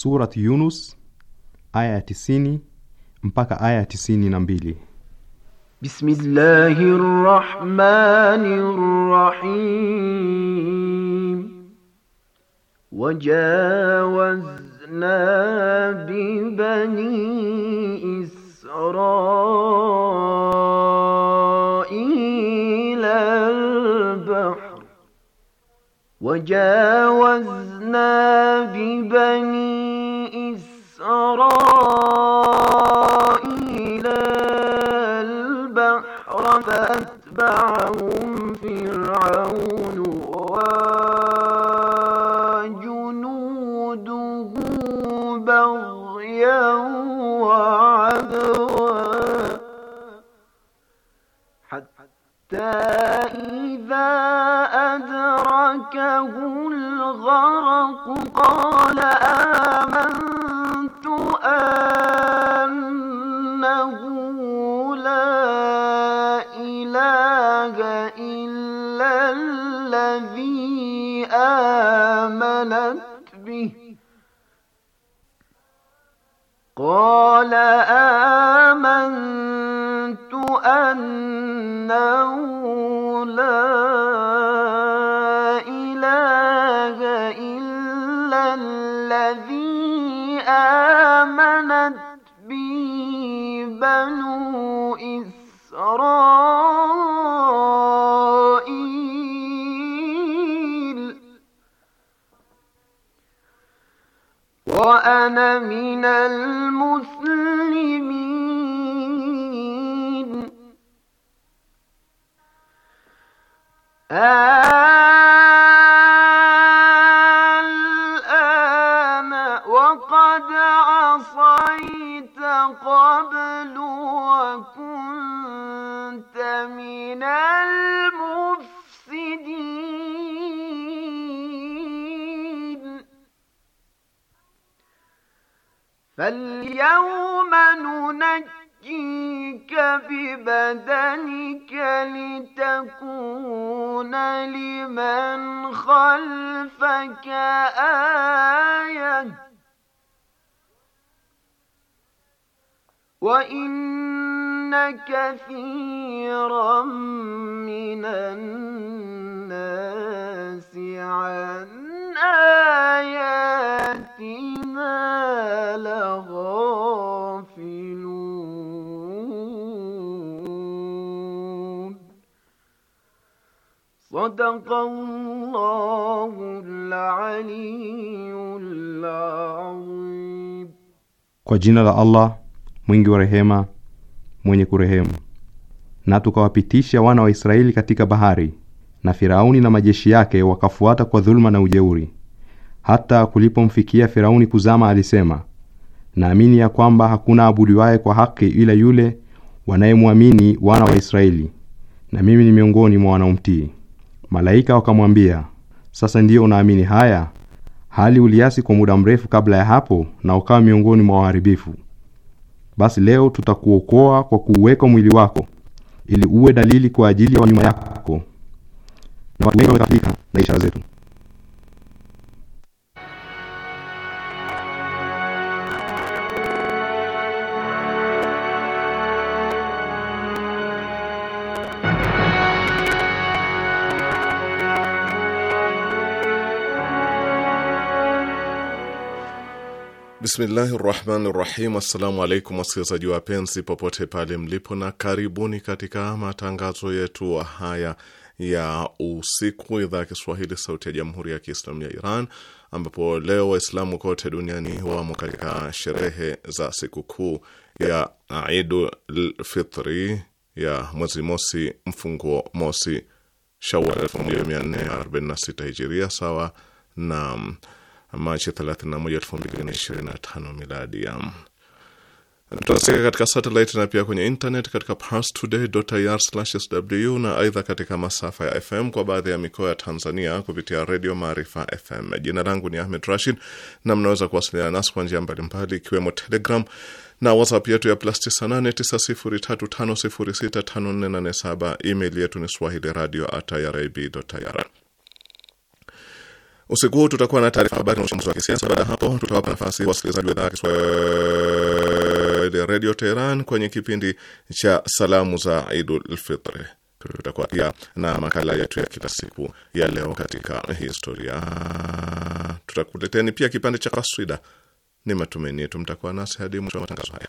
Surat Yunus aya ya tisini mpaka aya ya tisini na mbili. Bismillahir Rahmanir Rahim Wajawazna bi bani Israil al-bahr Wajawazna bi bani إسرائيل البحر فأتبعهم فرعون وجنوده بغيا وعدوا حتى إذا أدركه الغرق قال آمنت أنه لا إله إلا الذي آمنت به قال آمنت أن وأنا من المسلمين آه ثم ننجيك ببدنك لتكون لمن خلفك آية وإن كثيرا من الناس عن آياتنا لغافلون Kwa jina la Allah mwingi wa rehema, mwenye kurehemu. Na tukawapitisha wana wa Israeli katika bahari, na Firauni na majeshi yake wakafuata kwa dhuluma na ujeuri, hata kulipomfikia Firauni kuzama, alisema, naamini ya kwamba hakuna abudiwaye kwa haki ila yule wanayemwamini wana wa Israeli, na mimi ni miongoni mwa wanaomtii. Malaika wakamwambia, sasa ndiyo unaamini haya, hali uliasi kwa muda mrefu kabla ya hapo, na ukawa miongoni mwa waharibifu. Basi leo tutakuokoa kwa kuuweka mwili wako ili uwe dalili kwa ajili ya wanyuma yako, na watu wengi wamekafirika na ishara zetu. Bismillahi rahmani rahim. Assalamu alaikum wasikilizaji wapenzi popote pale mlipo, na karibuni katika matangazo yetu haya ya usiku, idhaa ya Kiswahili sauti ya jamhuri ya Kiislamu ya Iran, ambapo leo Waislamu kote duniani wamo katika sherehe za sikukuu ya Idul Fitri ya mwezi mosi mfunguo mosi Shawal 1446 hijiria sawa na Machi 31, 2025 miladi. Tunasikika katika satelit na pia kwenye internet katika parstoday.ir/sw na aidha katika masafa ya FM kwa baadhi ya mikoa ya Tanzania kupitia redio Maarifa FM. Jina langu ni Ahmed Rashid na mnaweza kuwasiliana nasi kwa njia mbalimbali ikiwemo Telegram na WhatsApp yetu ya plus 989035065487. Email yetu ni swahili radio at irib.ir. Usiku huu tutakuwa na taarifa habari na uchambuzi wa kisiasa. Baada ya hapo, tutawapa nafasi wasikilizaji wa idhaa ya Kiswahili Redio Teheran kwenye kipindi cha salamu za Idul Fitri. Tutakuwa pia na makala yetu ya kila siku ya leo katika historia. Tutakuleteni pia kipande cha kaswida. Ni matumaini yetu mtakuwa nasi hadi mwisho wa matangazo haya.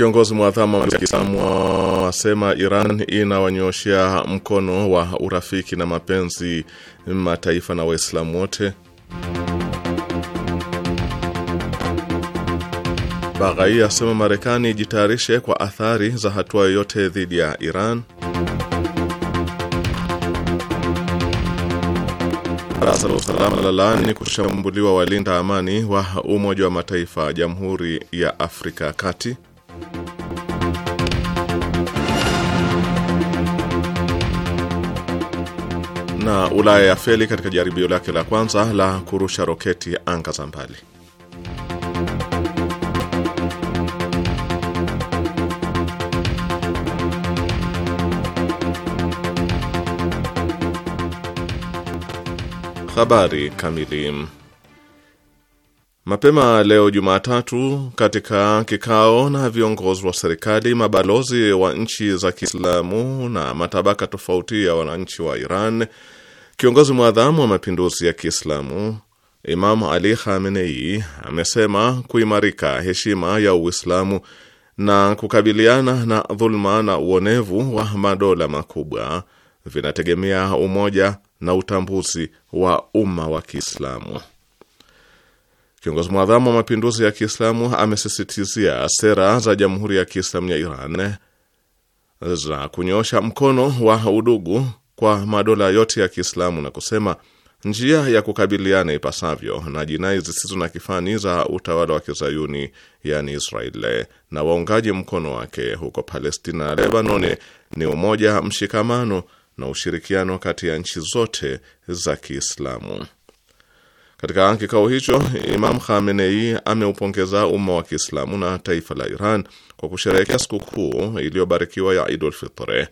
Kiongozi mwadhama wa Kiislamu wasema Iran inawanyoshea mkono wa urafiki na mapenzi mataifa na Waislamu wote. Baghai asema Marekani ijitayarishe kwa athari za hatua yoyote dhidi ya Iran. Baraza la Usalama la laani kushambuliwa walinda amani wa Umoja wa Mataifa Jamhuri ya Afrika Kati. na Ulaya ya feli katika jaribio lake la kwanza la kurusha roketi anga za mbali. Habari kamili. Mapema leo Jumatatu, katika kikao na viongozi wa serikali, mabalozi wa nchi za Kiislamu na matabaka tofauti ya wananchi wa Iran Kiongozi mwadhamu wa mapinduzi ya Kiislamu imam Ali Khamenei amesema kuimarika heshima ya Uislamu na kukabiliana na dhuluma na uonevu wa madola makubwa vinategemea umoja na utambuzi wa umma wa Kiislamu. Kiongozi mwadhamu wa mapinduzi ya Kiislamu amesisitizia sera za Jamhuri ya Kiislamu ya Iran za kunyosha mkono wa udugu kwa madola yote ya Kiislamu na kusema njia ya kukabiliana ipasavyo na jinai zisizo na kifani za utawala wa kizayuni yani Israel na waungaji mkono wake huko Palestina na Lebanon ni umoja, mshikamano na ushirikiano kati ya nchi zote za Kiislamu. Katika kikao hicho, Imam Khamenei ameupongeza umma wa Kiislamu na taifa la Iran kwa kusherehekea sikukuu iliyobarikiwa ya Idul Fitr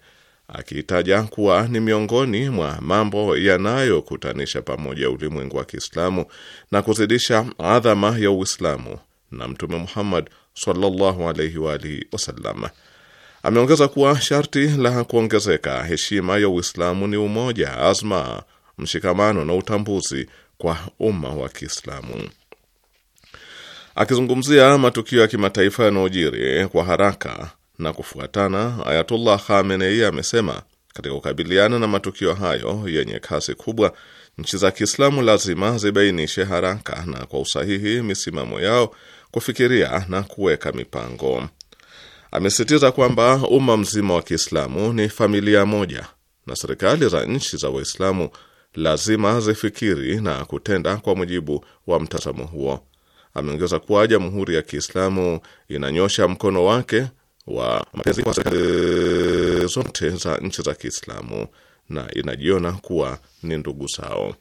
akiitaja kuwa ni miongoni mwa mambo yanayokutanisha pamoja ulimwengu wa Kiislamu na kuzidisha adhama ya Uislamu na Mtume Muhammad sallallahu alaihi wa alihi wasallam. Ameongeza kuwa sharti la kuongezeka heshima ya Uislamu ni umoja, azma, mshikamano na utambuzi kwa umma wa Kiislamu. Akizungumzia matukio ya kimataifa yanayojiri kwa haraka na kufuatana, Ayatullah Khamenei amesema katika kukabiliana na matukio hayo yenye kasi kubwa, nchi za Kiislamu lazima zibainishe haraka na kwa usahihi misimamo yao, kufikiria na kuweka mipango. Amesisitiza kwamba umma mzima wa Kiislamu ni familia moja na serikali za nchi za Waislamu lazima zifikiri na kutenda kwa mujibu wa mtazamo huo. Ameongeza kuwa Jamhuri ya Kiislamu inanyosha mkono wake wa mapenzi kwa serikali zote za nchi za Kiislamu na inajiona kuwa ni ndugu zao.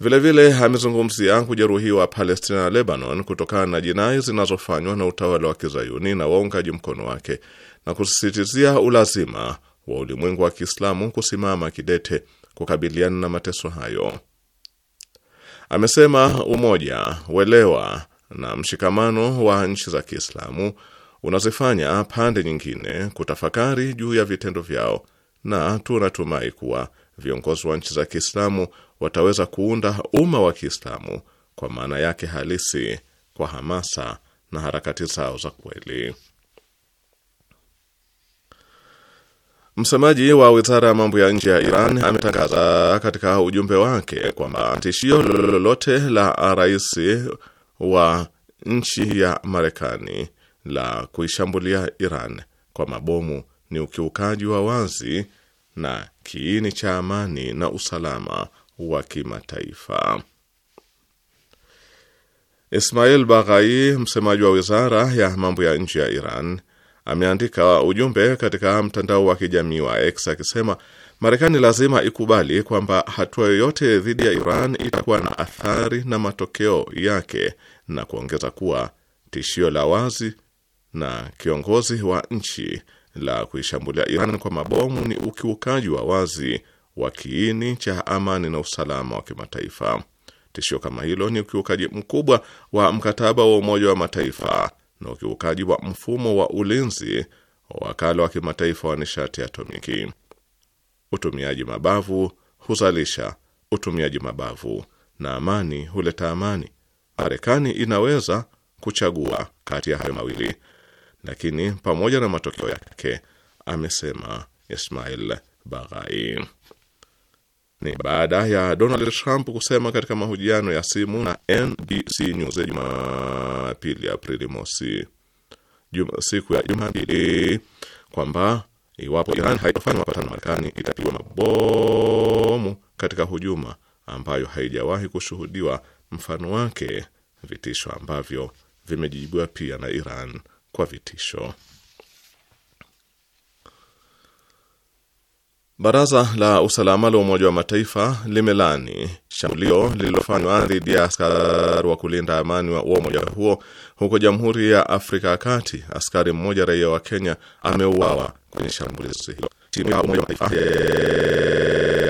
Vilevile amezungumzia kujeruhiwa Palestina na Lebanon kutokana na jinai zinazofanywa na utawala wa kizayuni na waungaji mkono wake na kusisitizia ulazima wa ulimwengu wa Kiislamu kusimama kidete kukabiliana na mateso hayo. Amesema umoja, uelewa na mshikamano wa nchi za Kiislamu unazifanya pande nyingine kutafakari juu ya vitendo vyao, na tunatumai kuwa viongozi wa nchi za Kiislamu wataweza kuunda umma wa Kiislamu kwa maana yake halisi kwa hamasa na harakati zao za kweli. Msemaji wa wizara ya mambo ya nje ya Iran ametangaza katika ujumbe wake kwamba tishio lolote la rais wa nchi ya Marekani la kuishambulia Iran kwa mabomu ni ukiukaji wa wazi na kiini cha amani na usalama wa kimataifa. Ismail Baghai, msemaji wa wizara ya mambo ya nje ya Iran, ameandika ujumbe katika mtandao wa kijamii wa X akisema Marekani lazima ikubali kwamba hatua yoyote dhidi ya Iran itakuwa na athari na matokeo yake, na kuongeza kuwa tishio la wazi na kiongozi wa nchi la kuishambulia Iran kwa mabomu ni ukiukaji wa wazi wa kiini cha amani na usalama wa kimataifa. Tishio kama hilo ni ukiukaji mkubwa wa mkataba wa Umoja wa Mataifa na ukiukaji wa mfumo wa ulinzi wa wakala wa kimataifa wa nishati atomiki. Utumiaji mabavu huzalisha utumiaji mabavu na amani huleta amani. Marekani inaweza kuchagua kati ya hayo mawili lakini pamoja na matokeo yake, amesema Ismail Baghai. Ni baada ya Donald Trump kusema katika mahojiano ya simu na NBC News Jumapili, Aprili mosi, siku ya Jumapili, kwamba iwapo Iran haitofanya mapatano na Marekani itapigwa mabomu katika hujuma ambayo haijawahi kushuhudiwa mfano wake, vitisho ambavyo vimejibiwa pia na Iran kwa vitisho. Baraza la usalama la Umoja wa Mataifa limelani shambulio lililofanywa dhidi ya askari wa kulinda amani wa umoja huo huko Jamhuri ya Afrika ya Kati. Askari mmoja raia wa Kenya ameuawa kwenye shambulizi hilo. Timu ya Umoja wa Mataifa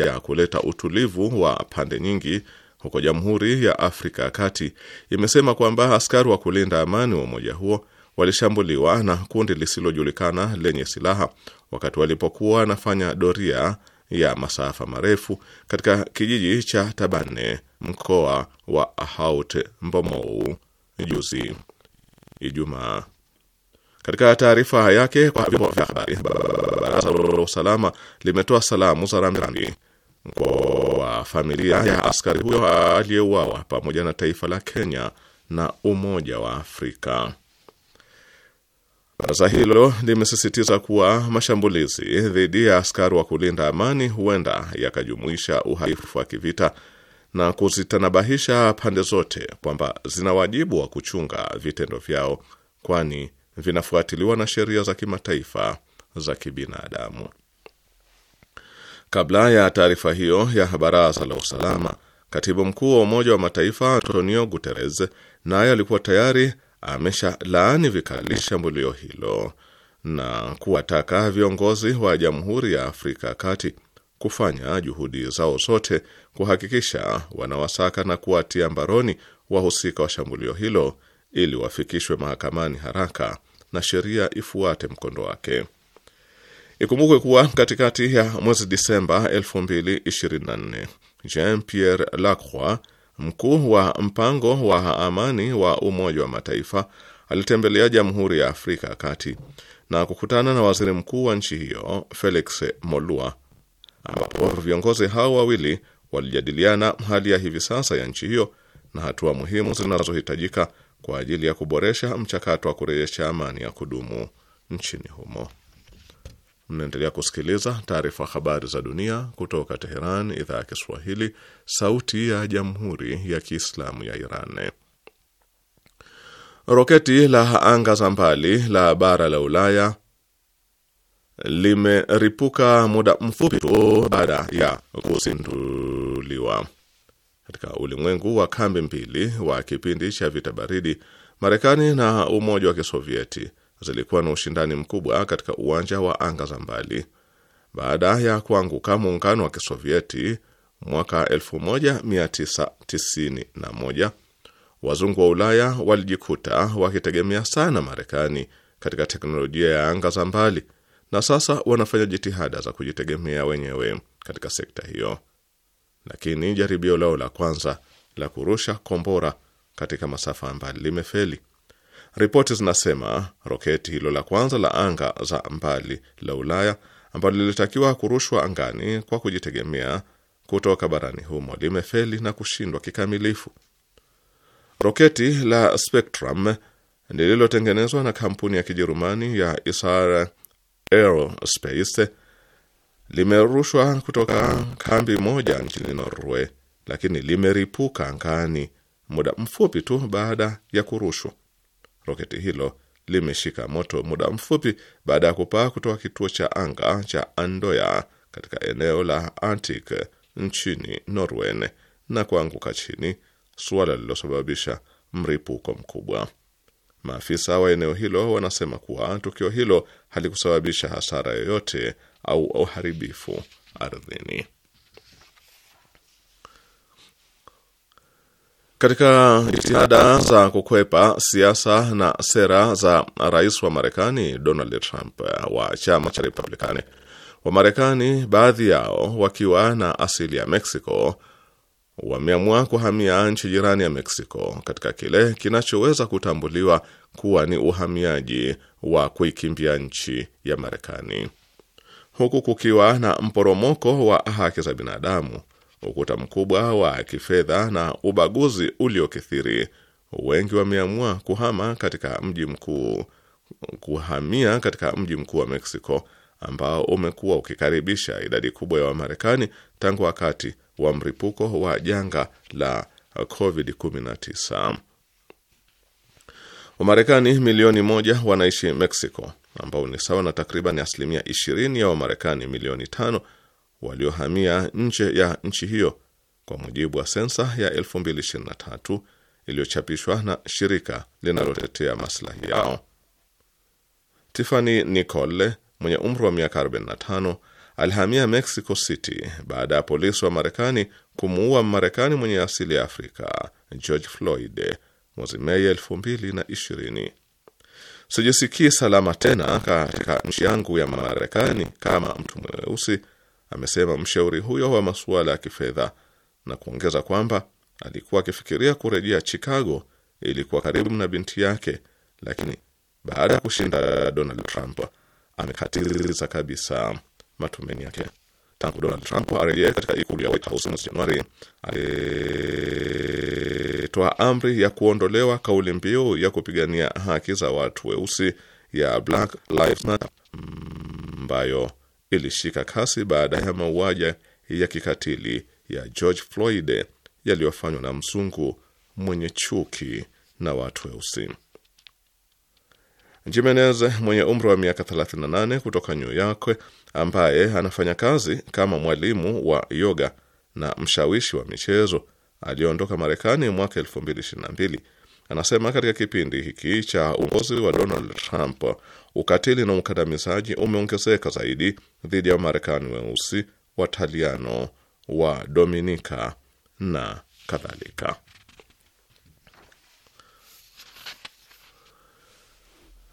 ya kuleta utulivu wa pande nyingi huko Jamhuri ya Afrika ya Kati imesema kwamba askari wa kulinda amani wa umoja huo walishambuliwa na kundi lisilojulikana lenye silaha wakati walipokuwa wanafanya doria ya masafa marefu katika kijiji cha Tabane mkoa wa Haut Mbomou juzi Ijumaa. Katika taarifa yake kwa vyombo vya habari, baraza la usalama limetoa salamu za rambirambi kwa familia ya askari huyo aliyeuawa pamoja na taifa la Kenya na Umoja wa Afrika. Baraza hilo limesisitiza kuwa mashambulizi dhidi ya askari wa kulinda amani huenda yakajumuisha uhalifu wa kivita na kuzitanabahisha pande zote kwamba zina wajibu wa kuchunga vitendo vyao, kwani vinafuatiliwa na sheria za kimataifa za kibinadamu. Kabla ya taarifa hiyo ya baraza la usalama, katibu mkuu wa Umoja wa Mataifa Antonio Guterres naye alikuwa tayari amesha laani vikali shambulio hilo na kuwataka viongozi wa Jamhuri ya Afrika Kati kufanya juhudi zao zote kuhakikisha wanawasaka na kuwatia mbaroni wahusika wa shambulio hilo ili wafikishwe mahakamani haraka na sheria ifuate mkondo wake. Ikumbukwe kuwa katikati ya mwezi Disemba 2024 Jean Pierre Lacroix mkuu wa mpango wa amani wa Umoja wa Mataifa alitembelea Jamhuri ya Afrika ya Kati na kukutana na waziri mkuu wa nchi hiyo Felix Molua, ambapo viongozi hao wawili walijadiliana hali ya hivi sasa ya nchi hiyo na hatua muhimu zinazohitajika kwa ajili ya kuboresha mchakato wa kurejesha amani ya kudumu nchini humo. Mnaendelea kusikiliza taarifa habari za dunia kutoka Teheran, idhaa ya Kiswahili, sauti ya jamhuri ya kiislamu ya Iran. Roketi la anga za mbali la bara la Ulaya limeripuka muda mfupi tu baada ya kuzinduliwa. Katika ulimwengu wa kambi mbili wa kipindi cha vita baridi, Marekani na Umoja wa Kisovieti zilikuwa na ushindani mkubwa katika uwanja wa anga za mbali. Baada ya kuanguka muungano wa Kisovieti mwaka 1991 wazungu wa Ulaya walijikuta wakitegemea sana Marekani katika teknolojia ya anga za mbali, na sasa wanafanya jitihada za kujitegemea wenyewe katika sekta hiyo. Lakini jaribio lao la kwanza la kurusha kombora katika masafa mbali limefeli. Ripoti zinasema roketi hilo la kwanza la anga za mbali la Ulaya ambalo lilitakiwa kurushwa angani kwa kujitegemea kutoka barani humo limefeli na kushindwa kikamilifu. Roketi la Spectrum lililotengenezwa na kampuni ya Kijerumani ya Isar Aerospace limerushwa kutoka kambi moja nchini Norway, lakini limeripuka angani muda mfupi tu baada ya kurushwa. Roketi hilo limeshika moto muda mfupi baada ya kupaa kutoka kituo cha anga cha Andoya katika eneo la Arctic nchini Norwen na kuanguka chini, suala lililosababisha mripuko mkubwa. Maafisa wa eneo hilo wanasema kuwa tukio hilo halikusababisha hasara yoyote au uharibifu ardhini. Katika jitihada za kukwepa siasa na sera za rais wa Marekani Donald Trump eh, wa chama cha Republikani, Wamarekani baadhi yao wakiwa na asili ya Mexico wameamua kuhamia nchi jirani ya Mexico katika kile kinachoweza kutambuliwa kuwa ni uhamiaji wa kuikimbia nchi ya Marekani, huku kukiwa na mporomoko wa haki za binadamu ukuta mkubwa wa kifedha na ubaguzi uliokithiri, wengi wameamua kuhama katika mji mkuu kuhamia katika mji mkuu wa Mexico ambao umekuwa ukikaribisha idadi kubwa ya Wamarekani tangu wakati wa mripuko wa janga la COVID-19. Wamarekani milioni moja wanaishi Mexico, ambao ni sawa na takriban asilimia 20 ya Wamarekani milioni tano waliohamia nje ya nchi hiyo kwa mujibu wa sensa ya 2023 iliyochapishwa na shirika linalotetea maslahi yao. Tiffany Nicole mwenye umri wa miaka 45 alihamia Mexico City baada ya polisi wa Marekani kumuua marekani mwenye asili ya Afrika George Floyd mwezi Mei 2020. Sijisikii salama tena katika nchi yangu ya Marekani kama mtu mweusi amesema mshauri huyo wa masuala ya kifedha na kuongeza kwamba alikuwa akifikiria kurejea Chicago ili kuwa karibu na binti yake, lakini baada ya kushinda Donald Trump amekatiza kabisa matumaini yake. Tangu Donald Trump arejee katika ikulu ya White House mwezi Januari, alitoa amri ya kuondolewa kauli mbiu ya kupigania haki za watu weusi ya Black Lives Matter mm, ambayo mm, ilishika kasi baada ya mauaji ya kikatili ya George Floyd yaliyofanywa na mzungu mwenye chuki na watu weusi. Jimenez mwenye umri wa miaka 38 kutoka New York ambaye anafanya kazi kama mwalimu wa yoga na mshawishi wa michezo aliondoka Marekani mwaka 2022. Anasema katika kipindi hiki cha uongozi wa Donald Trump ukatili na ukandamizaji umeongezeka zaidi dhidi ya Wamarekani weusi, Wataliano, wa Dominika na kadhalika.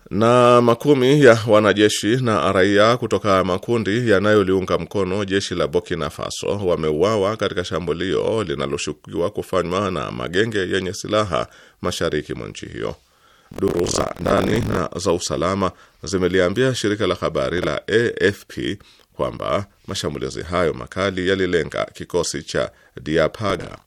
Na makumi ya wanajeshi na raia kutoka makundi yanayoliunga mkono jeshi la Burkina Faso wameuawa katika shambulio linaloshukiwa kufanywa na magenge yenye silaha mashariki mwa nchi hiyo. Duru za ndani na za usalama zimeliambia shirika la habari la AFP kwamba mashambulizi hayo makali yalilenga kikosi cha Diapaga,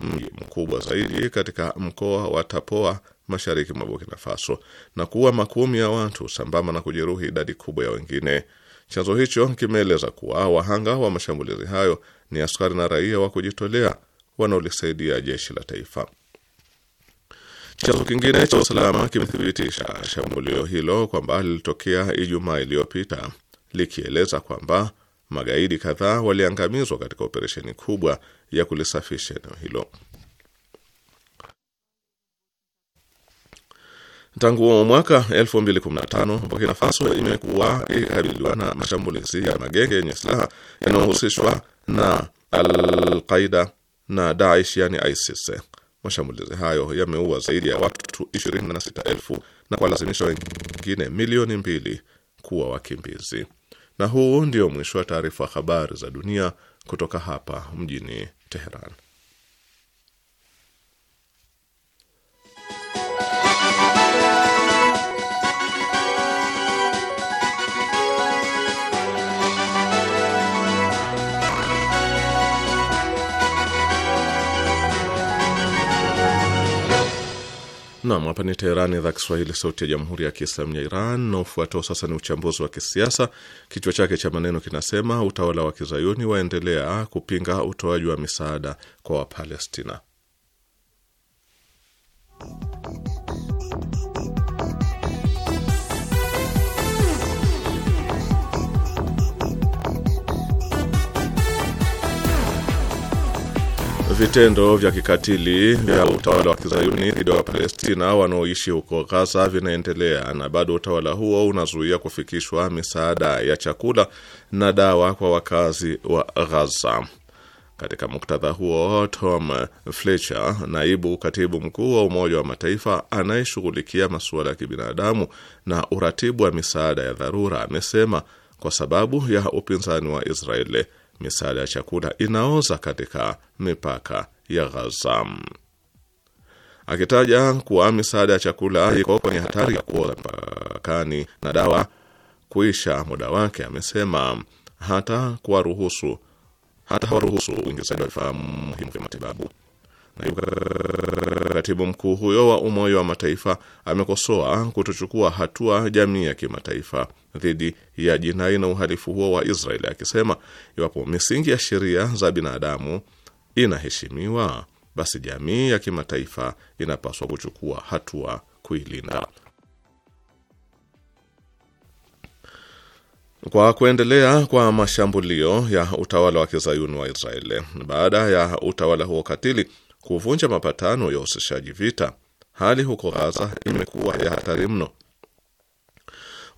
mji mkubwa zaidi katika mkoa wa Tapoa mashariki mwa Burkina Faso, na kuua makumi ya watu sambamba na kujeruhi idadi kubwa ya wengine. Chanzo hicho kimeeleza kuwa wahanga wa mashambulizi hayo ni askari na raia wa kujitolea wanaolisaidia jeshi la taifa. Chanzo kingine cha usalama kimethibitisha shambulio hilo kwamba lilitokea Ijumaa iliyopita likieleza kwamba magaidi kadhaa waliangamizwa katika operesheni kubwa ya kulisafisha eneo hilo. Tangu mwaka 2015 Burkina Faso imekuwa ikikabiliwa na mashambulizi ya magenge yenye silaha yanayohusishwa na Alqaida na Daesh, yani ISIS. Mashambulizi hayo yameua zaidi ya watu 26,000 na kuwalazimisha wengine milioni mbili kuwa wakimbizi. Na huu ndio mwisho wa taarifa habari za dunia kutoka hapa mjini Teheran. Nam, hapa ni Teherani, idhaa Kiswahili, sauti ya jamhuri ya kiislamu ya Iran. Na ufuatao sasa ni uchambuzi wa kisiasa, kichwa chake cha maneno kinasema: utawala wa kizayuni waendelea kupinga utoaji wa misaada kwa Wapalestina. Vitendo vya kikatili vya utawala wa kizayuni dhidi ya Wapalestina wanaoishi huko Ghaza vinaendelea na bado utawala huo unazuia kufikishwa misaada ya chakula na dawa kwa wakazi wa Ghaza. Katika muktadha huo, Tom Fletcher, naibu katibu mkuu wa Umoja wa Mataifa anayeshughulikia masuala ya kibinadamu na uratibu wa misaada ya dharura, amesema kwa sababu ya upinzani wa Israeli misaada ya chakula inaoza katika mipaka ya Ghaza, akitaja kuwa misaada ya chakula iko kwenye hatari ya kuoza mpakani na dawa kuisha muda wake. Amesema hata kuwaruhusu hata hawaruhusu uingizaji wa vifaa muhimu vya matibabu Katibu mkuu huyo wa Umoja wa Mataifa amekosoa kutochukua hatua jamii ya kimataifa dhidi ya jinai na uhalifu huo wa Israeli akisema, iwapo misingi ya sheria za binadamu inaheshimiwa, basi jamii ya kimataifa inapaswa kuchukua hatua kuilinda. Kwa kuendelea kwa mashambulio ya utawala wa kizayuni wa Israeli baada ya utawala huo katili kuvunja mapatano ya usishaji vita, hali huko Gaza imekuwa ya hatari mno.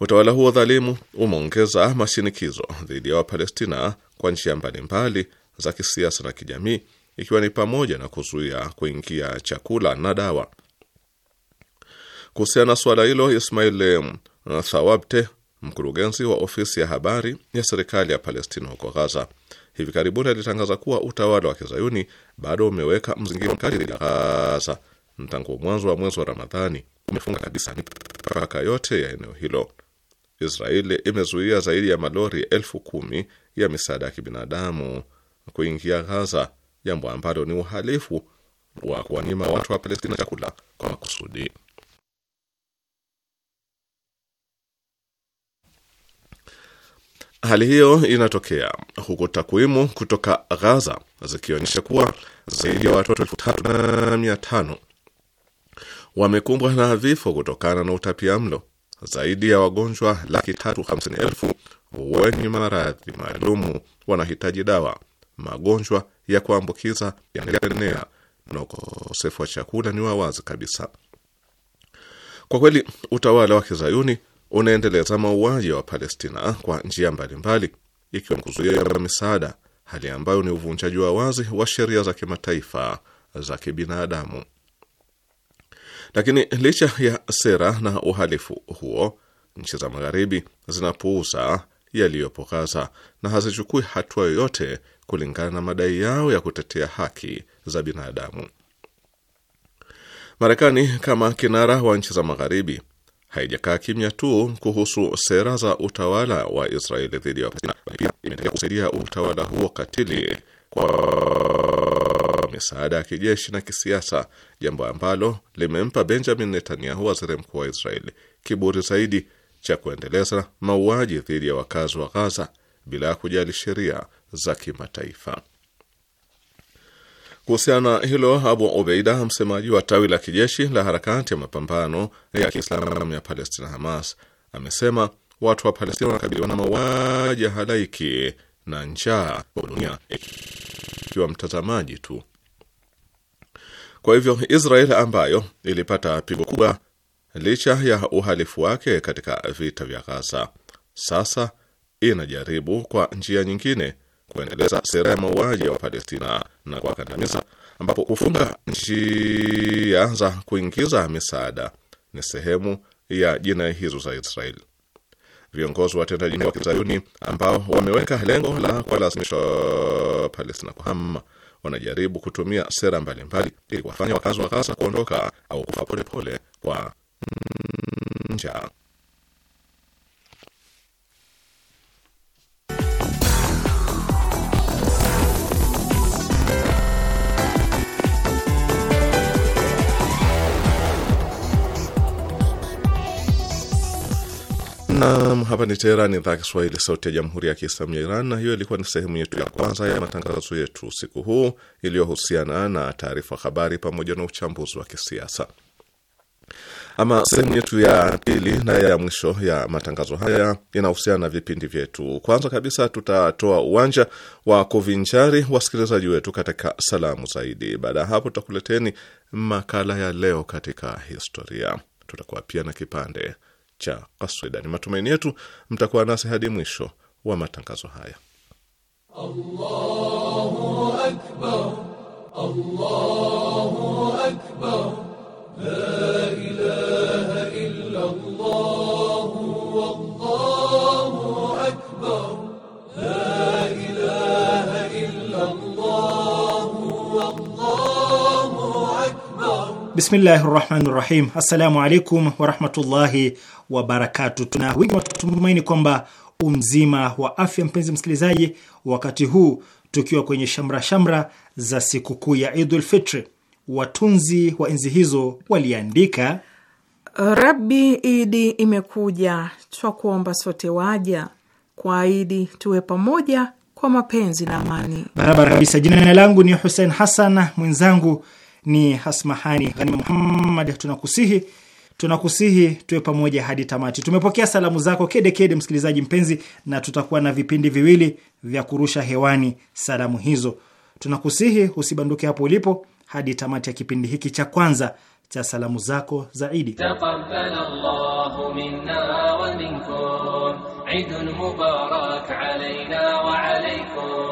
Utawala huo dhalimu umeongeza mashinikizo dhidi ya Wapalestina kwa njia mbalimbali za kisiasa na kijamii, ikiwa ni pamoja na kuzuia kuingia chakula na dawa. Kuhusiana na suala hilo, Ismail Thawabte, mkurugenzi wa ofisi ya habari ya serikali ya Palestina huko Gaza, hivi karibuni alitangaza kuwa utawala wa kizayuni bado umeweka mzingiro mkali Gaza na tangu mwanzo wa mwezi wa Ramadhani umefunga kabisa mipaka yote ya eneo hilo. Israeli imezuia zaidi ya malori elfu kumi ya misaada ya kibinadamu kuingia Gaza, jambo ambalo ni uhalifu wa kuwanyima watu wa Palestina chakula kwa makusudi. Hali hiyo inatokea huku takwimu kutoka Ghaza zikionyesha kuwa zaidi ya watoto elfu tatu na mia tano wamekumbwa na vifo kutokana na utapia mlo. Zaidi ya wagonjwa laki tatu hamsini elfu wenye maradhi maalumu wanahitaji dawa. Magonjwa ya kuambukiza yanaenea na ukosefu wa chakula ni wa wazi kabisa. Kwa kweli utawala wa kizayuni unaendeleza mauaji ya Wapalestina kwa njia mbalimbali, ikiwa kuzuia misaada, hali ambayo ni uvunjaji wa wazi wa sheria za kimataifa za kibinadamu. Lakini licha ya sera na uhalifu huo, nchi za Magharibi zinapuuza yaliyopo Gaza na hazichukui hatua yoyote kulingana na madai yao ya kutetea haki za binadamu. Marekani kama kinara wa nchi za Magharibi haijakaa kimya tu kuhusu sera za utawala wa Israeli dhidi ya Palestina, pia imeendelea kusaidia utawala huo katili kwa misaada ya kijeshi na kisiasa, jambo ambalo limempa Benjamin Netanyahu, waziri mkuu wa Israeli, kiburi zaidi cha kuendeleza mauaji dhidi ya wakazi wa Ghaza bila ya kujali sheria za kimataifa. Kuhusiana hilo, Abu Ubeida, msemaji wa tawi la kijeshi la harakati ya mapambano ya Kiislamu ya Palestina, Hamas, amesema watu wa Palestina wanakabiliwa na mauaji halaiki na njaa kwa dunia ikiwa mtazamaji tu. Kwa hivyo, Israel ambayo ilipata pigo kubwa licha ya uhalifu wake katika vita vya Ghaza, sasa inajaribu kwa njia nyingine kuendeleza sera ya mauaji ya Wapalestina na kuwakandamiza, ambapo kufunga njia za kuingiza misaada ni sehemu ya jinai hizo za Israeli. Viongozi watendaji wa kizayuni ambao wameweka lengo la kuwalazimisha Palestina kuhama wanajaribu kutumia sera mbalimbali ili kuwafanya wakazi wa Gaza kuondoka au kufa polepole kwa njaa. Naam, hapa ni Teherani, idhaa Kiswahili, sauti ya jamhuri ya kiislamu ya Iran. Na hiyo ilikuwa ni sehemu yetu ya kwanza ya matangazo yetu usiku huu iliyohusiana na taarifa habari pamoja na uchambuzi wa kisiasa. Ama sehemu yetu ya pili na ya mwisho ya matangazo haya inahusiana na vipindi vyetu. Kwanza kabisa, tutatoa uwanja wa kuvinjari wasikilizaji wetu katika salamu zaidi. Baada ya hapo, tutakuleteni makala ya leo katika historia. Tutakuwa pia na kipande cha kaswida. Ni matumaini yetu mtakuwa nasi hadi mwisho wa matangazo haya. Allahu Akbar, Allahu Akbar, la ilaha Bismillahi rahmani rahim. Assalamu alaikum warahmatullahi wabarakatu. Tuna wingi matumaini kwamba umzima wa afya, mpenzi msikilizaji, wakati huu tukiwa kwenye shamra shamra za sikukuu ya Idul Fitri. Watunzi wa enzi hizo waliandika, Rabbi Idi imekuja, twa kuomba sote waja kwa Idi tuwe pamoja kwa mapenzi na amani, barabara kabisa. Jina langu ni Hussein Hassan, mwenzangu ni Hasmahani Ghanima Muhammad. Tunakusihi, tunakusihi tuwe pamoja hadi tamati. Tumepokea salamu zako kede kede, msikilizaji mpenzi, na tutakuwa na vipindi viwili vya kurusha hewani salamu hizo. Tunakusihi usibanduke hapo ulipo hadi tamati ya kipindi hiki cha kwanza cha salamu zako za Idi. mubarak wa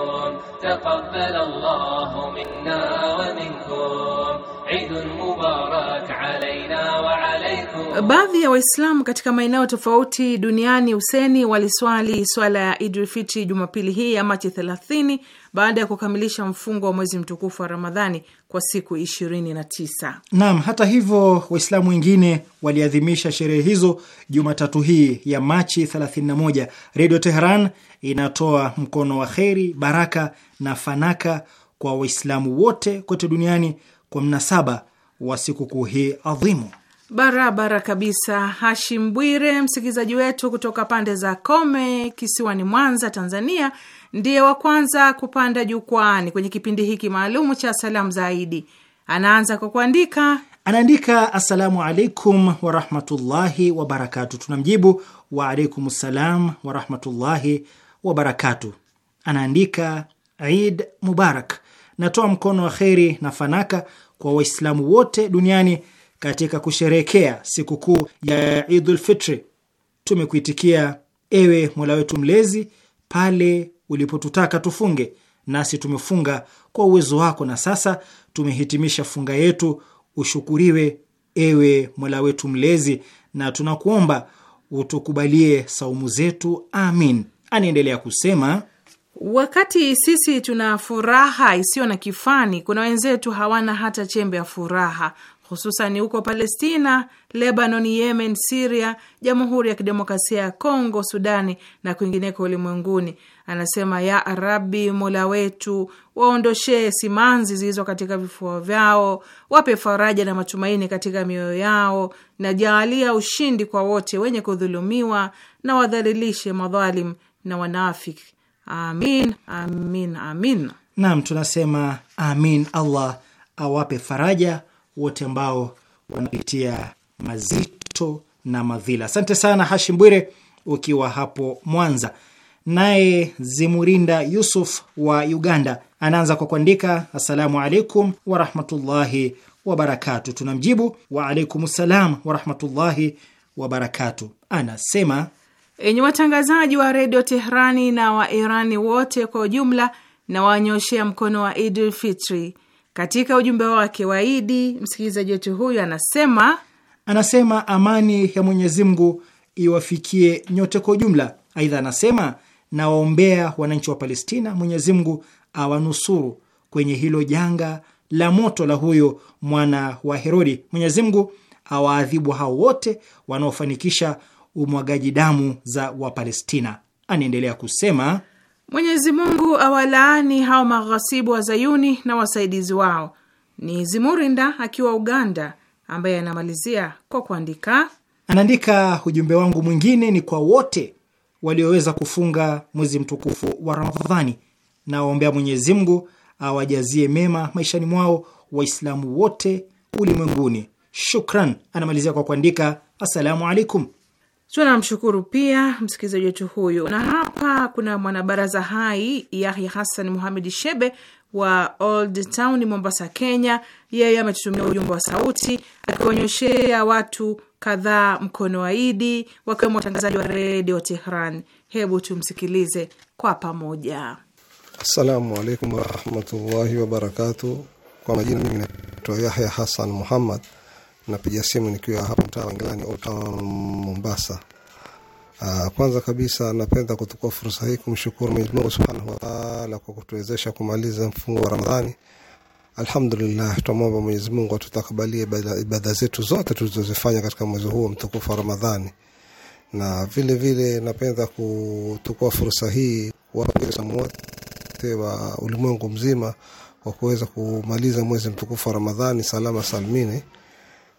تقبل الله منا ومنكم عيد مبارك علينا وعليكم. Baadhi ya Waislamu katika maeneo tofauti duniani useni waliswali swala ya Idul Fitri Jumapili hii ya Machi 30 baada ya kukamilisha mfungo wa mwezi mtukufu wa Ramadhani kwa siku 29. Naam, hata hivyo Waislamu wengine waliadhimisha sherehe hizo Jumatatu hii ya Machi 31. Redio Teheran inatoa mkono wa kheri, baraka na fanaka kwa Waislamu wote kote duniani kwa mnasaba wa sikukuu hii adhimu. Barabara kabisa. Hashim Bwire, msikilizaji wetu kutoka pande za Kome kisiwani Mwanza, Tanzania, ndiye wa kwanza kupanda jukwani kwenye kipindi hiki maalumu cha salamu zaidi Anaanza kwa kuandika, anaandika assalamu alaikum warahmatullahi wabarakatu. Tunamjibu waalaikum salam warahmatullahi wabarakatu. Anaandika, Eid Mubarak, natoa mkono wa kheri na fanaka kwa Waislamu wote duniani katika kusherekea sikukuu ya Idul Fitri. Tumekuitikia ewe Mola wetu Mlezi pale ulipotutaka tufunge, nasi tumefunga kwa uwezo wako, na sasa tumehitimisha funga yetu. Ushukuriwe ewe Mola wetu Mlezi, na tunakuomba utukubalie saumu zetu, amin anaendelea kusema Wakati sisi tuna furaha isiyo na kifani, kuna wenzetu hawana hata chembe ya furaha, hususan huko Palestina, Lebanon, Yemen, Siria, Jamhuri ya Kidemokrasia ya Kongo, Sudani na kwingineko ulimwenguni. Anasema, ya Rabi, mola wetu, waondoshee simanzi zilizo katika vifua vyao, wape faraja na matumaini katika mioyo yao, na jaalia ushindi kwa wote wenye kudhulumiwa, na wadhalilishe madhalim na wanafiki. Amin, amin, amin. Naam, tunasema amin. Allah awape faraja wote ambao wanapitia mazito na madhila. Asante sana Hashim Bwire ukiwa hapo Mwanza. Naye Zimurinda Yusuf wa Uganda anaanza kwa kuandika assalamu alaikum warahmatullahi wabarakatu. Tunamjibu waalaikum salam warahmatullahi wabarakatu. Anasema enye watangazaji wa redio Teherani na wa Irani wote kwa ujumla na wanyoshea mkono wa Idul Fitri. Katika ujumbe wake wa Idi, msikilizaji wetu huyu anasema anasema amani ya Mwenyezi Mungu iwafikie nyote kwa ujumla. Aidha anasema nawaombea wananchi wa Palestina, Mwenyezi Mungu awanusuru kwenye hilo janga la moto la huyo mwana wa Herodi. Mwenyezi Mungu awaadhibu hao wote wanaofanikisha umwagaji damu za Wapalestina. Anaendelea kusema Mwenyezi Mungu awalaani hao maghasibu wa Zayuni na wasaidizi wao. Ni Zimurinda akiwa Uganda, ambaye anamalizia kwa kuandika, anaandika ujumbe wangu mwingine ni kwa wote walioweza kufunga mwezi mtukufu wa Ramadhani. Nawaombea Mwenyezi Mungu awajazie mema maishani mwao Waislamu wote ulimwenguni. Shukran. Anamalizia kwa kuandika, assalamu alaikum. Tunamshukuru pia msikilizaji wetu huyu, na hapa kuna mwanabaraza hai Yahya Hassan muhamedi Shebe wa Old Town, Mombasa, Kenya. Yeye ametutumia ujumbe wa sauti akionyeshea watu kadhaa mkono wa Idi, wakiwemo watangazaji wa redio Tehran. Hebu tumsikilize kwa pamoja. Assalamu alaikum warahmatullahi wabarakatu. Kwa majina mimi naitwa Yahya Hassan Muhammad napiga simu nikiwa hapa mtaa wa Ngilani Old Town Mombasa. Uh, kwanza kabisa napenda kuchukua fursa hii kumshukuru Mwenyezi Mungu Subhanahu wa Ta'ala kwa kutuwezesha kumaliza mfungo wa Ramadhani. Alhamdulillah, tunamwomba Mwenyezi Mungu atutakabalie ibada zetu zote tulizozifanya katika mwezi huu mtukufu wa Ramadhani, na vile vile napenda kuchukua fursa hii kuwapongeza wote wa ulimwengu mzima kwa kuweza kumaliza mwezi mtukufu wa Ramadhani salama salmini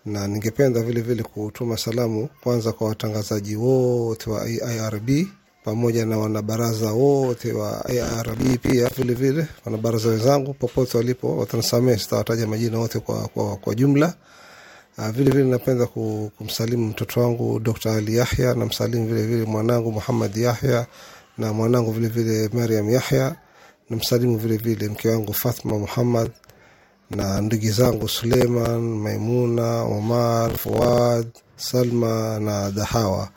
na ningependa vile vile kutuma salamu kwanza kwa watangazaji wote wa IRB pamoja na wanabaraza wote wa IRB pia vile vile wanabaraza wenzangu popote walipo, watanisamehe, sitawataja majina wote kwa, kwa, kwa jumla. Uh, vile vile napenda kumsalimu mtoto wangu Dr. Ali Yahya, namsalimu vile vile mwanangu Muhammad Yahya na mwanangu vile vile Mariam Yahya, namsalimu vile vile mke wangu Fatma Muhammad na ndugu zangu Suleiman, Maimuna, Omar, Fuad, Salma na Dahawa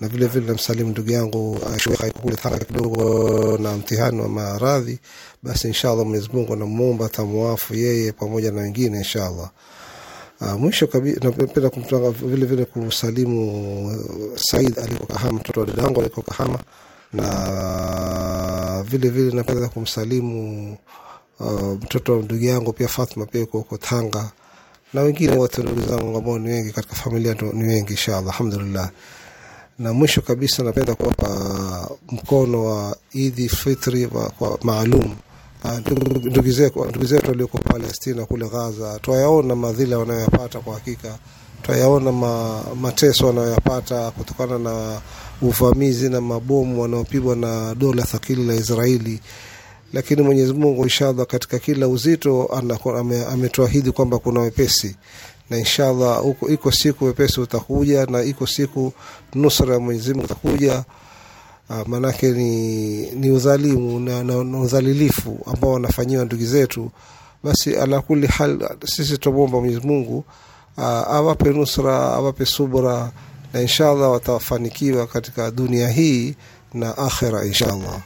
na vile vile namsalimu ndugu yangu uh, kule Tanga kidogo na mtihani wa maradhi. Basi inshallah Mwenyezi Mungu anamuomba tamuafu yeye pamoja na wengine inshallah. Uh, mwisho kabisa napenda kumtanga vile vile kumsalimu uh, Said aliko Kahama, mtoto wa dadangu aliko Kahama, na vile vile napenda kumsalimu Uh, mtoto uh, ndugu yangu pia Fatma pia yuko huko Tanga na wengine wote ndugu zangu ambao ni wengi katika familia ni wengi inshallah, alhamdulillah. Na mwisho kabisa, napenda kuwapa mkono wa Idi Fitri kwa maalum uh, ndugu zetu walioko Palestina kule Gaza. Twayaona madhila wanayoyapata kwa hakika, twayaona ma, mateso wanayoyapata kutokana na uvamizi na mabomu wanaopigwa na dola thakili la Israeli lakini Mwenyezi Mungu inshallah katika kila uzito ametuahidi kwamba kuna wepesi na inshallah uko iko siku wepesi utakuja, na iko siku nusra ya Mwenyezi Mungu utakuja. Ah, Maanake ni, ni udhalimu na, na, na udhalilifu ambao wanafanyiwa ndugu zetu. Basi ala kuli hal, sisi tutamwomba Mwenyezi Mungu ah, awape nusra, awape subra, na inshallah watafanikiwa katika dunia hii na akhera inshallah.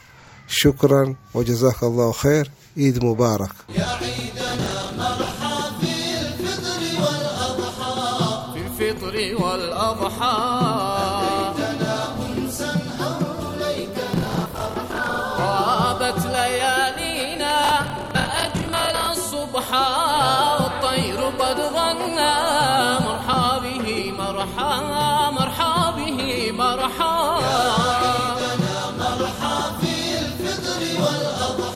شكرا وجزاك الله خير عيد مبارك يا عيدنا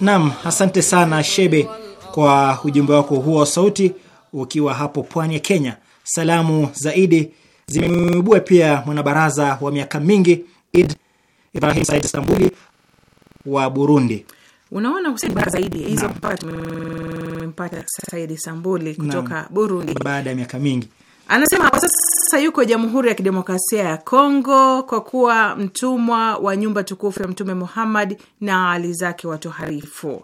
Naam, asante sana Shebe kwa ujumbe wako huo wa sauti ukiwa hapo pwani ya Kenya. Salamu zaidi zimebua pia mwanabaraza wa miaka mingi Id Ibrahim Said Stambuli wa Burundi. Unaona Hussein zaidi hizo mpaka tumempata Said Sambuli kutoka Burundi baada ya miaka mingi. Anasema kwa sasa yuko Jamhuri ya Kidemokrasia ya Kongo kwa kuwa mtumwa wa nyumba tukufu ya Mtume Muhammad na ali zake watoharifu.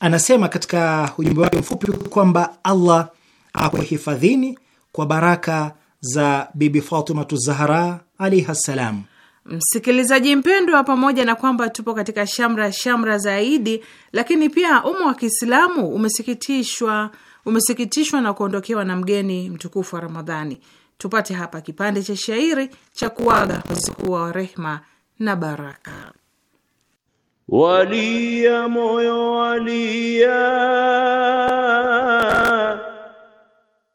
Anasema katika ujumbe wake mfupi kwamba Allah akuhifadhini kwa baraka za Bibi Fatimatu Zahra alaihi ssalam. Msikilizaji mpendwa, pamoja na kwamba tupo katika shamra shamra zaidi, lakini pia umma wa Kiislamu umesikitishwa umesikitishwa na kuondokewa na mgeni mtukufu wa Ramadhani. Tupate hapa kipande cha shairi cha kuaga usiku wa rehma na baraka. Walia moyo walia,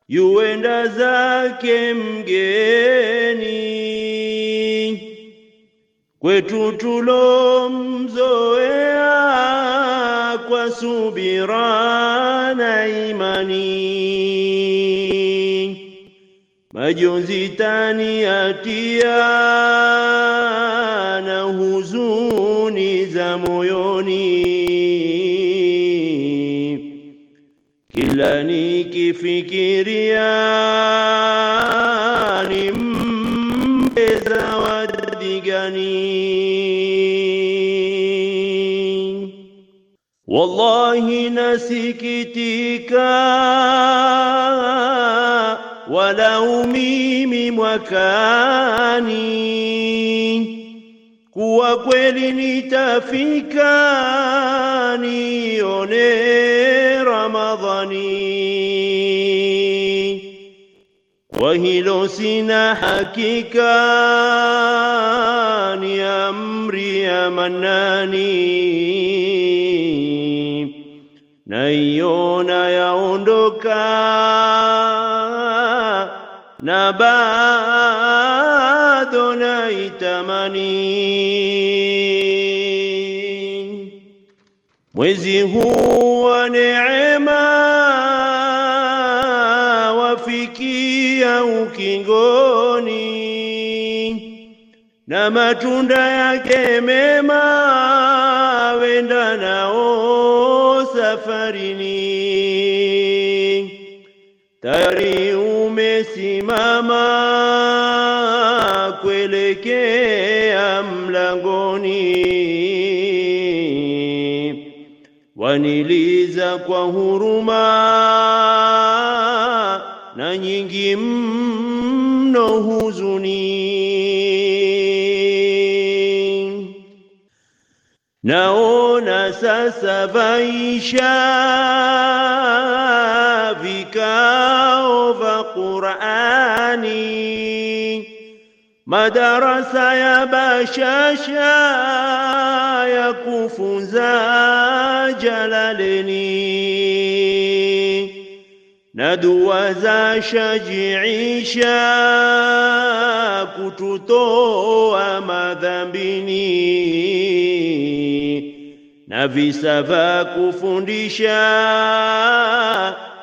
yuenda zake mgeni kwetu tulomzoea kwa subira na imani, majonzi tani atia na huzuni za moyoni, kila nikifikiria والله نسكتك ولو ميم مكاني كوا كويلي نتافيكاني يوني رمضاني وهلو سنا حكيكاني أمري مناني naiona yaondoka na bado naitamani. Mwezi huu wa neema wafikia ukingoni, na matunda yake mema wenda nao safarini, tayari umesimama kuelekea mlangoni, waniliza kwa huruma na nyingi mno huzuni Naona sasa vaisha vikao vya Qur'ani, madarasa ya bashasha ya kufunza Jalaleni na dua za shajiisha kututoa madhambini na visa vya kufundisha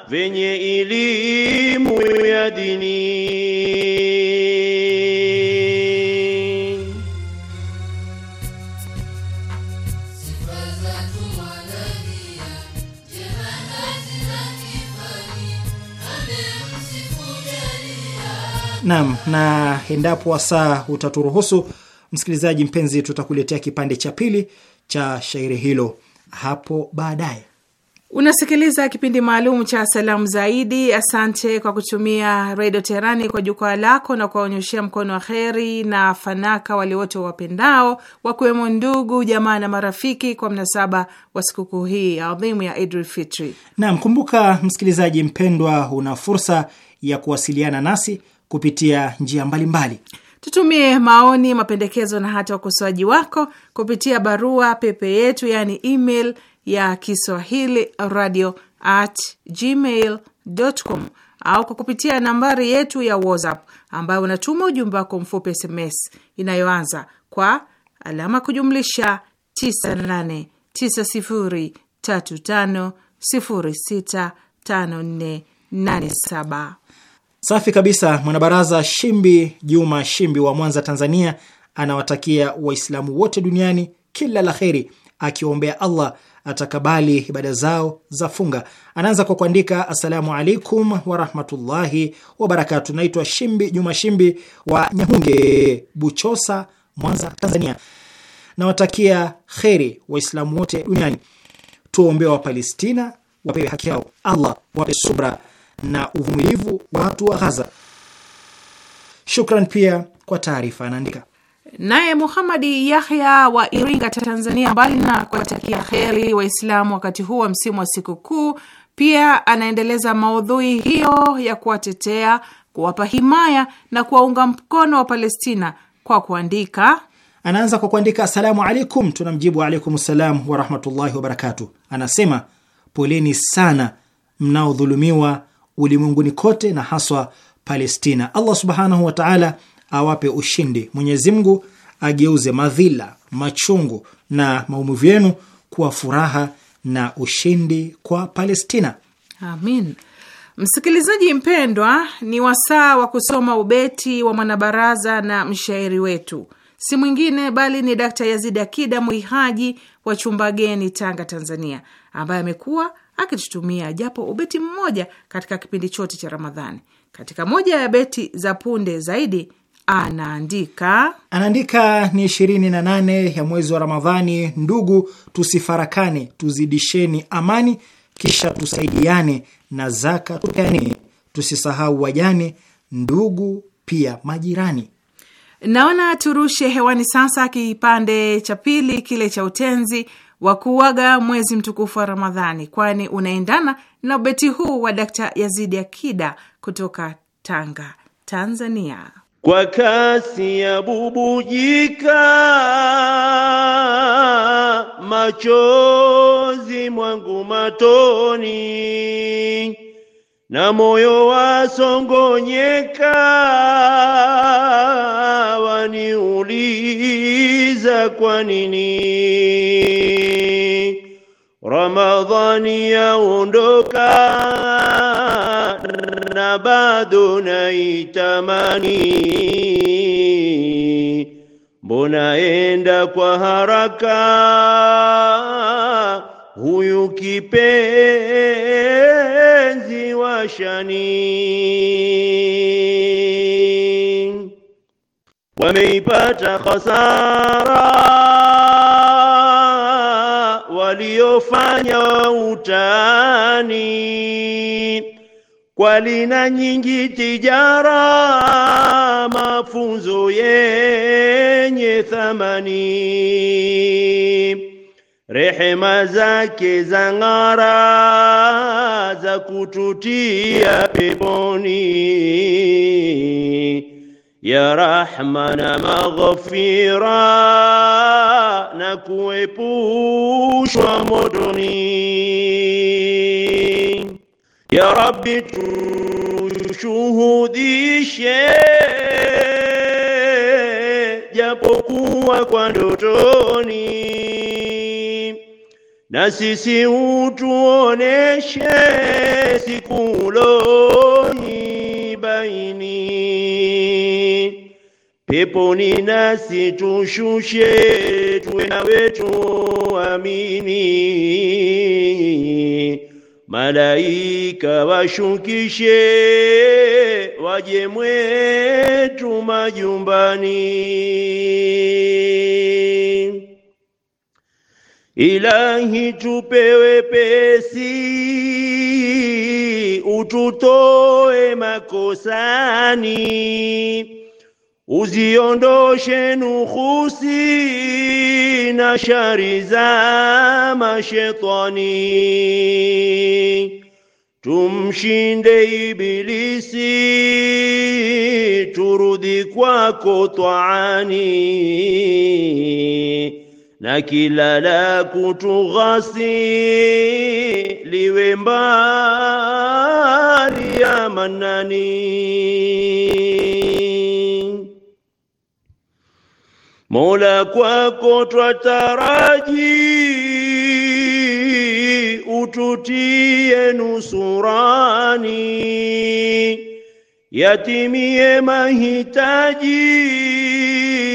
vyenye elimu ya dini. Naam, na endapo wasaa utaturuhusu, msikilizaji mpenzi, tutakuletea kipande cha pili cha shairi hilo hapo baadaye. Unasikiliza kipindi maalum cha salamu zaidi. Asante kwa kutumia Redio Teherani kwa jukwaa lako na kuwaonyeshea mkono wa kheri na fanaka wale wote wapendao, wakiwemo ndugu jamaa na marafiki, kwa mnasaba wa sikukuu hii adhimu ya Idul Fitri. Naam, kumbuka msikilizaji mpendwa, una fursa ya kuwasiliana nasi kupitia njia mbalimbali mbali. Tutumie maoni, mapendekezo na hata ukosoaji wako kupitia barua pepe yetu, yaani email ya Kiswahili radio at gmail com, au kwa kupitia nambari yetu ya WhatsApp ambayo unatuma ujumbe wako mfupi SMS inayoanza kwa alama kujumlisha 989035065487. Safi kabisa. Mwanabaraza Shimbi Juma Shimbi wa Mwanza, Tanzania, anawatakia Waislamu wote duniani kila la heri, akiombea Allah atakabali ibada zao za funga. Anaanza kwa kuandika assalamu alaikum warahmatullahi wabarakatu. Naitwa Shimbi Juma Shimbi wa Nyahunge, Buchosa, Mwanza, Tanzania. Nawatakia kheri Waislamu wote duniani. tuwaombea Wapalestina wapewe haki yao, Allah wape subra na uvumilivu watu wa Ghaza. Shukran pia kwa taarifa, anaandika naye Muhamadi Yahya wa Iringa, Tanzania. Mbali na kuwatakia heri Waislamu wakati huu wa msimu wa sikukuu, pia anaendeleza maudhui hiyo ya kuwatetea, kuwapa himaya na kuwaunga mkono wa Palestina kwa kuandika Anaanza kwa kuandika asalamu alaikum. Tunamjibu alaikum salam warahmatullahi wabarakatu. Anasema poleni sana mnaodhulumiwa ulimwenguni kote na haswa Palestina. Allah subhanahu wa taala awape ushindi. Mwenyezi Mungu ageuze madhila, machungu na maumivu yenu kuwa furaha na ushindi kwa Palestina. Amin. Msikilizaji mpendwa, ni wasaa wa kusoma ubeti wa mwanabaraza na mshairi wetu, si mwingine bali ni Dkt Yazid Akida Mwihaji wa Chumbageni, Tanga, Tanzania, ambaye amekuwa akitutumia japo ubeti mmoja katika kipindi chote cha Ramadhani. Katika moja ya beti za punde zaidi anaandika anaandika, ni ishirini na nane ya mwezi wa Ramadhani, ndugu, tusifarakane, tuzidisheni amani, kisha tusaidiane na zaka tupeane, tusisahau wajane, ndugu pia majirani. Naona turushe hewani sasa kipande cha pili kile cha utenzi wa kuuaga mwezi mtukufu wa Ramadhani, kwani unaendana na ubeti huu wa Dakta Yazidi Akida kutoka Tanga, Tanzania. Kwa kasi ya bubujika machozi mwangu matoni, na moyo wasongonyeka, waniuliza kwa nini Ramadhani yaondoka na bado naitamani, mbona enda kwa haraka huyu kipenzi washani, wameipata khasara waliofanya utani kwa lina nyingi tijara, mafunzo yenye thamani, rehema zake za ng'ara, za kututia peponi ya Rahmana maghfira na kuepushwa motoni. Ya Rabbi, tushuhudishe japokuwa kwa ndotoni, na sisi utuoneshe siku uloni baini peponi, nasi tushushe tuwe na wetu amini, malaika washukishe waje mwetu majumbani. Ilahi tupewe pesi, ututoe makosani Uziondoshe nukhusi na shari za mashetani, tumshinde Ibilisi, turudi kwako twaani, na kila la kutughasi liwe mbali ya manani Mola, kwako twataraji, ututie nusurani, yatimie mahitaji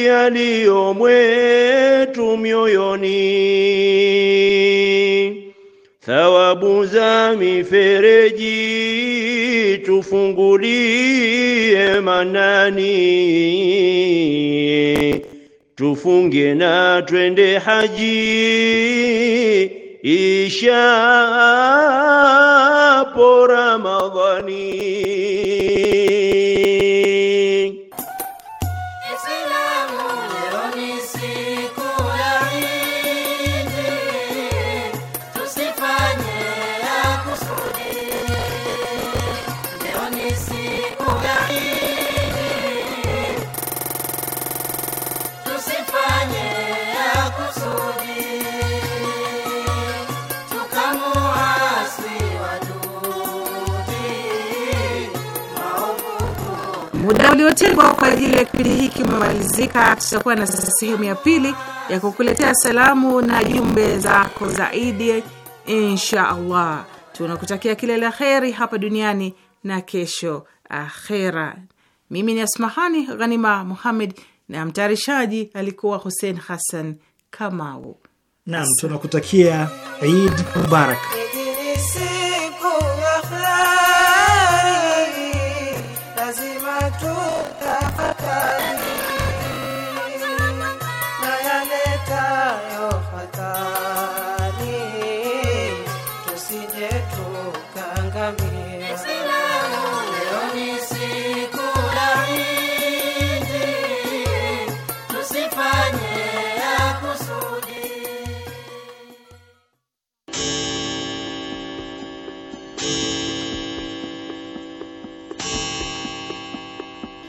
yaliyo mwetu mioyoni, thawabu za mifereji tufungulie manani tufunge na twende haji ishapo Ramadhani. Muda uliotengwa kwa ajili ya kipindi hiki umemalizika. Tutakuwa na sehemu ya pili ya kukuletea salamu na jumbe zako zaidi, insha Allah. Tunakutakia kila la kheri hapa duniani na kesho akhera. Mimi ni Asmahani Ghanima Muhammed na mtayarishaji alikuwa Hussein Hassan Kamau. Naam, tunakutakia Eid Mubarak.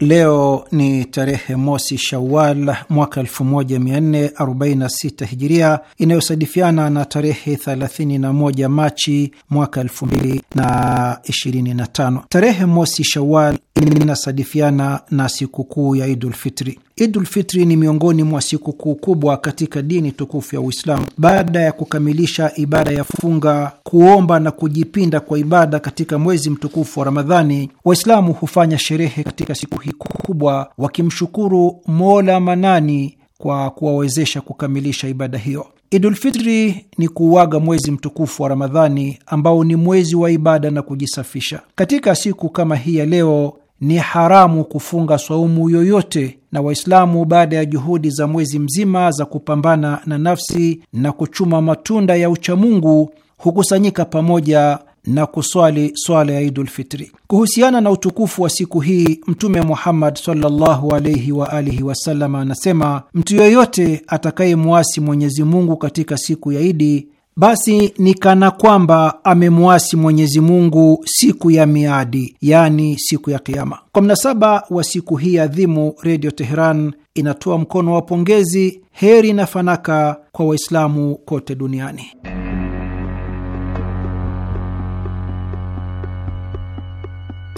Leo ni tarehe mosi Shawal mwaka 1446 Hijiria, inayosadifiana na tarehe 31 Machi mwaka 2025. Tarehe mosi Shawal inasadifiana na sikukuu ya Idulfitri. Idulfitri ni miongoni mwa sikukuu kubwa katika dini tukufu ya Uislamu. Baada ya kukamilisha ibada ya funga, kuomba na kujipinda kwa ibada katika mwezi mtukufu wa Ramadhani, Waislamu hufanya sherehe katika siku tauhidi kubwa, wakimshukuru Mola Manani kwa kuwawezesha kukamilisha ibada hiyo. Idulfitri ni kuuaga mwezi mtukufu wa Ramadhani ambao ni mwezi wa ibada na kujisafisha. Katika siku kama hii ya leo ni haramu kufunga swaumu yoyote, na Waislamu baada ya juhudi za mwezi mzima za kupambana na nafsi na kuchuma matunda ya uchamungu hukusanyika pamoja na kuswali swala ya Idul Fitri. Kuhusiana na utukufu wa siku hii, Mtume Muhammad sallallahu alaihi wa alihi wasallam anasema, mtu yoyote atakayemwasi Mwenyezi Mungu katika siku ya Idi, basi ni kana kwamba amemwasi Mwenyezi Mungu siku ya miadi, yaani siku ya Kiama. Kwa mnasaba wa siku hii adhimu, Redio Teheran inatoa mkono wa pongezi, heri na fanaka kwa Waislamu kote duniani.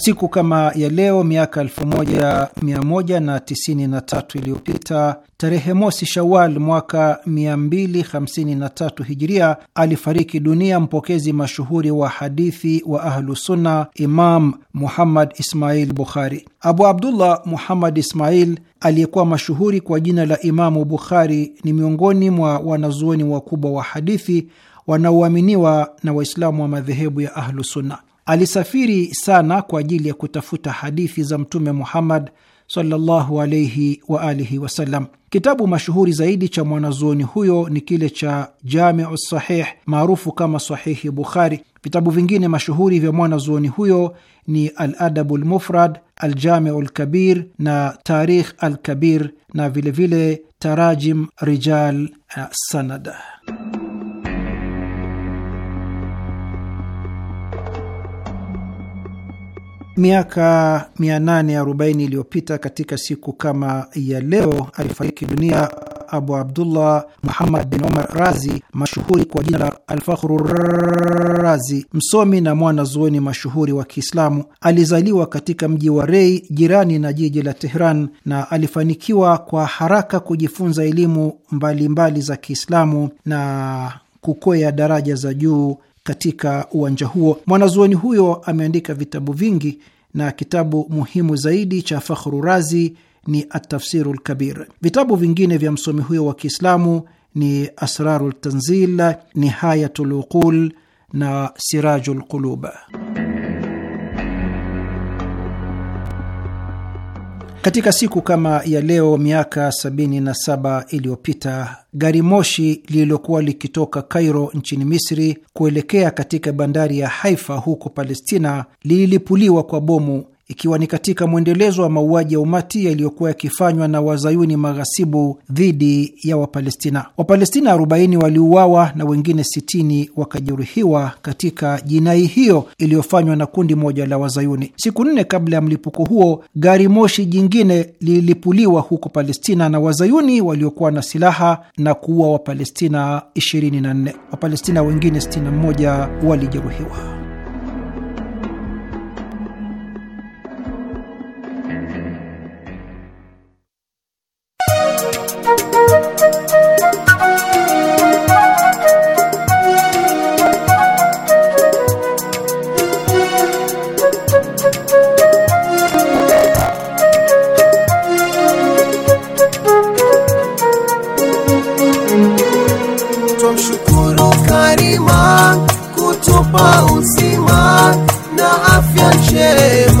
Siku kama ya leo miaka 1193 iliyopita, tarehe mosi Shawal mwaka 253 Hijiria, alifariki dunia mpokezi mashuhuri wa hadithi wa Ahlusunna, Imam Muhammad Ismail Bukhari. Abu Abdullah Muhammad Ismail aliyekuwa mashuhuri kwa jina la Imamu Bukhari ni miongoni mwa wanazuoni wakubwa wa hadithi wanaoaminiwa na Waislamu wa madhehebu ya Ahlusunna. Alisafiri sana kwa ajili ya kutafuta hadithi za Mtume Muhammad sallallahu alayhi wa alihi wasallam. Kitabu mashuhuri zaidi cha mwanazuoni huyo ni kile cha Jamiu Sahih maarufu kama Sahihi Bukhari. Vitabu vingine mashuhuri vya mwanazuoni huyo ni Aladabu Lmufrad, Aljamiu Lkabir na Tarikh Alkabir na vilevile vile Tarajim Rijal Sanada. Miaka 840 iliyopita katika siku kama ya leo alifariki dunia Abu Abdullah Muhammad bin Omar Razi, mashuhuri kwa jina la Alfakhru Razi, msomi na mwana zuoni mashuhuri wa Kiislamu. Alizaliwa katika mji wa Rei, jirani na jiji la Tehran, na alifanikiwa kwa haraka kujifunza elimu mbalimbali za Kiislamu na kukwea daraja za juu katika uwanja huo. Mwanazuoni huyo ameandika vitabu vingi na kitabu muhimu zaidi cha Fakhru Razi ni Atafsiru Lkabir. Vitabu vingine vya msomi huyo wa Kiislamu ni Asraru Ltanzil, Nihayatu Luqul na Siraju Lqulub. Katika siku kama ya leo miaka 77 iliyopita gari moshi lililokuwa likitoka cairo nchini Misri kuelekea katika bandari ya Haifa huko Palestina lililipuliwa kwa bomu ikiwa ni katika mwendelezo wa mauaji ya umati yaliyokuwa yakifanywa na wazayuni maghasibu dhidi ya Wapalestina. Wapalestina 40 waliuawa na wengine 60 wakajeruhiwa katika jinai hiyo iliyofanywa na kundi moja la wazayuni. Siku nne kabla ya mlipuko huo, gari moshi jingine lilipuliwa huko Palestina na wazayuni waliokuwa na silaha na kuua Wapalestina 24. Wapalestina wengine 61 walijeruhiwa. chema